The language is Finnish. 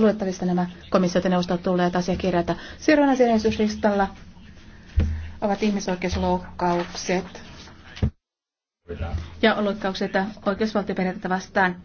luettavista nämä komissiot ja neuvostot tulleet asiakirjat. Seuraavana asiakirjallisuuslistalla ovat ihmisoikeusloukkaukset ja loukkaukset oikeusvaltioperiaatetta vastaan.